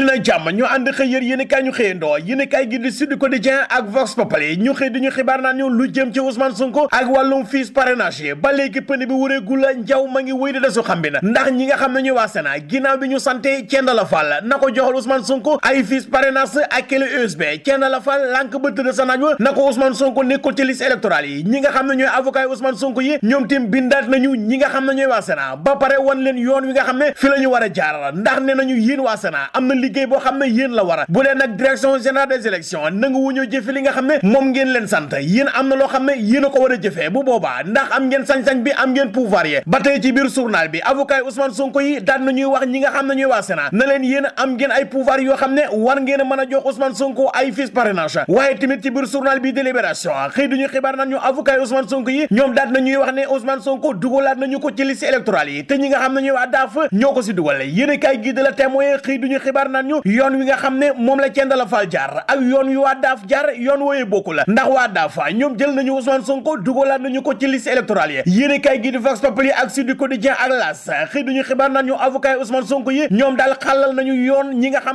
dali nag jàmm ñu ànd xëy yër yéen i kaay ñu xëyandoo yéen i kaay gi di Sud Quotidien ak Vox Populi ñu xëy di ñu xibaar naan ñu lu jëm yi ba léegi bi wureegu la na ndax ñi nga xam ne ñu ko joxal Ousmane Sonko ay fiis parrainage ak clé USB cenn la fàll lànk ba sa naaj wa na ko Ousmane Sonko nekkul ci liste électorale yi ñi nga xam ne ñooy avocat ba pare wan leen yoon wi nga xam ne fi la war a jaar ndax nee nañu yéen waa Sénat am na liggéey boo xam ne yéen la war a bu leen nag direction générale des élections nangu wuñu jëfe li nga xam ne moom ngeen leen sant yéen am na loo xam ne yéen a ko war a bu boobaa ndax am ngeen sañ-sañ bi am ngeen pouvoir yi ba tey ci biir journal bi avocat yi Ousmane Sonko yi daan na ñuy wax ne ñuy a a Sonko ay fiches parrainage ñu ko ci liste électorale yi te ñi nga xam ne ñuy waa daaf ñoo ko si dugal yéen a kaay gi de la témoin xëy xibaar naan nan ñu yoon wi nga xam ne moom la Thiendella Fall jaar ak yoon wi waa daaf jaar yoon wooyee bokku la ndax waa daafa ñoom jël nañu Ousmane Sonko dugalaat nañu ko ci liste électorale yi yéene kaay gi di Vox Populi ak Sud Quotidien ak L'As xëy duñu xibaar nan ñu avocat yi Ousmane xam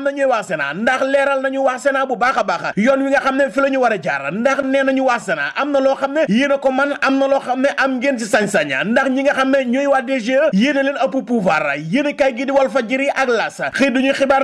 ne ñooy waa Sénat nañu waa bu baax a baax yoon wi nga xam ne fi la ñu war a jaar ndax nee nañu waa Sénat loo xam ne yéen a ko man am loo xam ne am ngeen ci sañ-sañ ndax ñi nga xam ne ñooy waa DGE yéen a leen ëpp pouvoir yéene gi di Walf Fadjri ak L'As xëy duñu xibaar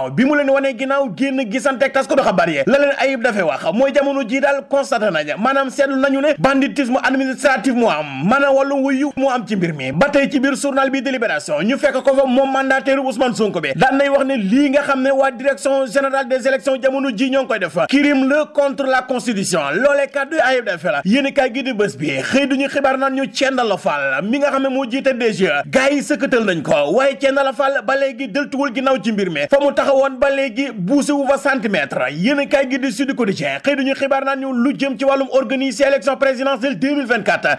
ginnaaw bi mu leen wanee ginnaaw génn gisante ak tas ko do xabaar la leen ayib dafay wax mooy jamono ji daal constaté nañ maanaam seetlu nañu ne banditisme administratif moo am maanaam wàllu wuyu moo am ci mbir mi ba tey ci biir journal bi délibération ñu fekk ko fa moom mandataire Ousmane Sonko bi daan nay wax ne lii nga xam ne waa direction générale des élections jamono ji ñoo koy def crime la contre la constitution loolee kàddu ayib dafay la yéen kaay taxawoon ba léegi buuse wu fa centimètre yéen kaay gi di xëy duñu xibaar naan ñu lu jëm ci wàllum organiser élection présidentielle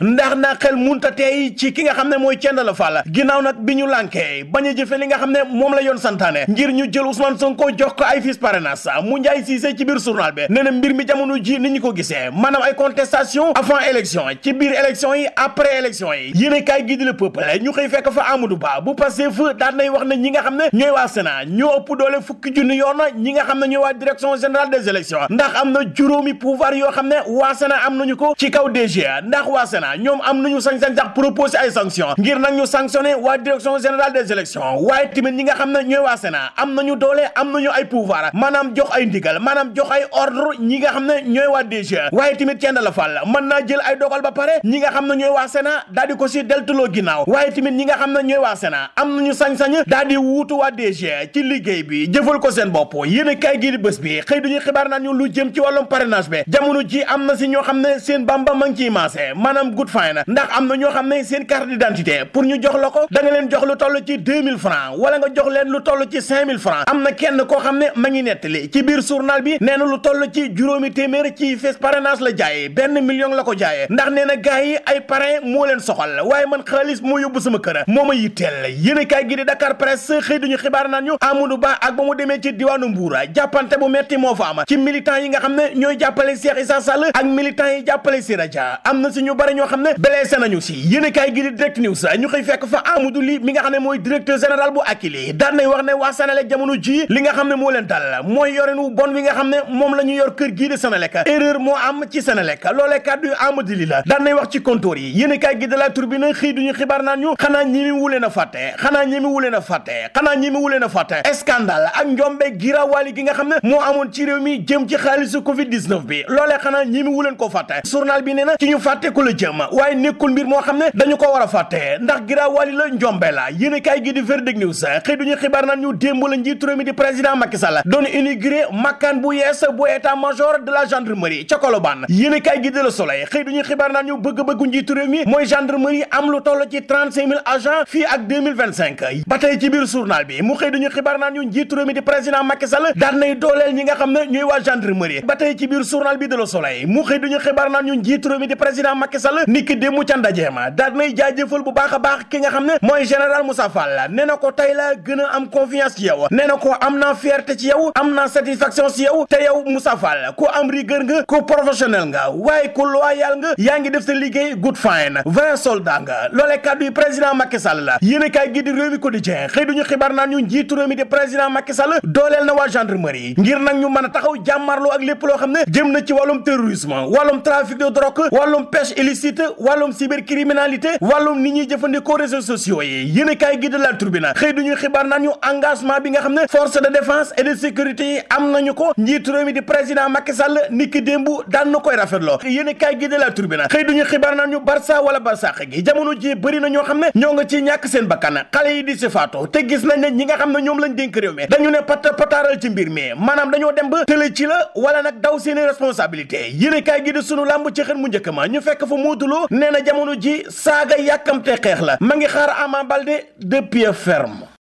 ndax na xel munta tey ci ki nga xam ne mooy Thiendella Fall ginnaaw nag bi ñu lànkee bañ a jëfe li nga xam ne moom la yoon santaane ngir ñu jël Ousmane Sonko jox ko ay fiches parrainage mu njaay siisee ci biir journal bi nee mbir mi jamono ji ni ñu ko gisee maanaam ay contestation avant élection ci biir élection yi après na fukki junni yoon na ñi nga xam na ñooy waa direction générale des élections ndax am na juróomi pouvoir yoo xam ne waa Sénat am nañu ko ci kaw DGA ndax waa Sénat ñoom am na sañ-sañ sax ay sanctions ngir nag ñu sanctionné waa direction générale des tamit ñi nga xam ne ñooy waa am nañu doole am nañu ay pouvoir maanaam jox ay ndigal maanaam jox ay ordre ñi nga xam ne ñooy waa DGA waaye tamit kenn la fal mën naa jël ay dogal ba pare ñi nga xam ne ñooy waa Sénat daal di ko si deltuloo ginnaaw waaye tamit ñi nga xam na ñooy waa Sénat am nañu sañ daal di wuutu waa DGA ci liggéey bi jëfal ko seen bopp yéen kaay gi di bés bi xëy duñu xibaar naan ñu lu jëm ci wàllum parrainage bi jamono ji am na si ñoo xam ne seen bamba ma ngi ciy maase maanaam good fine ndax am na ñoo xam ne seen carte d'identité pour ñu jox la ko da nga leen jox lu toll ci 2000 francs wala nga jox leen lu toll ci 5000 francs am na kenn koo xam ne ma ngi nettali ci biir journal bi nee na lu toll ci juróomi téeméer ci fes parrainage la jaayee benn million la ko jaayee ndax nee na gars yi ay parrain leen soxal waaye man xaalis moo yóbbu sama kër moo ma yitteel yéen kaay gi di Dakar Presse xëy duñu xibaar naan ñu Amadou Ba ak ba mu demee ci diwaanu Mbuura jàppante bu metti moo fa ci militant yi nga xam ne ñooy jàppale Cheikh Issa Sall ak militant yi jàppale Sira Dia am na si ñu bari ñoo xam ne blessé nañu si yéenekaay gi di Direct fekk fa Amadou Ly nga xam ne mooy directeur général bu Akilee daan nay wax ne waa Senelec ji li nga xam ne moo leen dal mooy yorin wu bon nga xam ne moom la ñu yor kër gii di Senelec erreur moo am ci Senelec loolee wax ci compteur yi yéenekaay gi de La Tribune xëy duñu xibaar naan ñu xanaa ñi wu leen a fàtte xanaa ñi mi wuleen a fàtte xanaa a ak njombe girawaali gi nga xam ne moo amoon ci réew mi jëm ci xaalisu covid 19 bi loolee xanaa ñi mi wuleen ko fàtte journal bi nee na ci ñu fàtte ku la jëm waaye nekkul mbir moo xam ne dañu ko war a fàtte ndax girawaali la njombe la yéen gi di Verdict News xëy duñu xibaar naan ñu démb la njiitu réew mi di président Macky Sall doon inauguré makkaan bu yees bu état major de la gendarmerie ca Colobane yéen kaay gi di Le Soleil xëy duñu xibaar naan ñu bëgg-bëggu njiitu réew mi mooy gendarmerie am lu toll ci 35000 agents fii ak 2025 ba tey ci biir journal bi mu xëy duñu xibaar naan ñu njiitu juróomi di président Macky Sall daan nay dooleel ñi nga xam ne ñuy waa gendarmerie ba tey ci biir journal bi de Le Soleil mu xëy duñu xibaar naan ñun njiit réew mi di président Macky Sall niki démb ca ndajeema daan nay jaajëfal bu baax a baax ki nga xam ne mooy général Moussa Fall nee na ko tey la gën a am confiance ci yow nee na ko am naa fierté ci yow am naa satisfaction ci yow te yow Moussa Fall ku am rigueur nga ku professionnel nga waaye ku loyal nga yaa ngi def sa liggéey good fine vrai soldat nga loolee kàddu yi président Macky Sall la yéen a kaay gi di réew mi quotidien xëy duñu xibaar naan ñun njiit réew mi di président Macky Sall dooleel na waa yi ngir nag ñu mën a taxaw jàmmarloo ak lépp loo xam ne jëm na ci wàllum terrorisme wàllum trafic de drogue wàllum pêche illicite wàllum cybercriminalité wàllum nit ñuy jëfandikoo réseaux sociaux yi yéen kaay gi de la Tribune xëy duñu xibaar naan ñu engagement bi nga xam ne force de défense et de sécurité yi am nañu ko njiitu réew mi di président Macky Sall niki démb daan na koy rafetloo yéen kaay gi de la Tribune xëy duñu xibaar naan ñu Barça wala Barça gi jamono ji bëri na xam ne ñoo nga ci ñàkk seen bakkan xale yi te gis nañ ne ñi nga xam ne ñoom lañ dénk réew dañu ne pat pataaral ci mbir mi maanaam dañoo dem ba tële ci la wala nag daw seeni responsabilité yéenekaay gi di sunu làmb ci xën mu njëkk ma ñu fekk fa Modou Lo nee na jamono ji saaga yàkkamtee xeex la ma ngi xaar Ama Baldé de pied ferm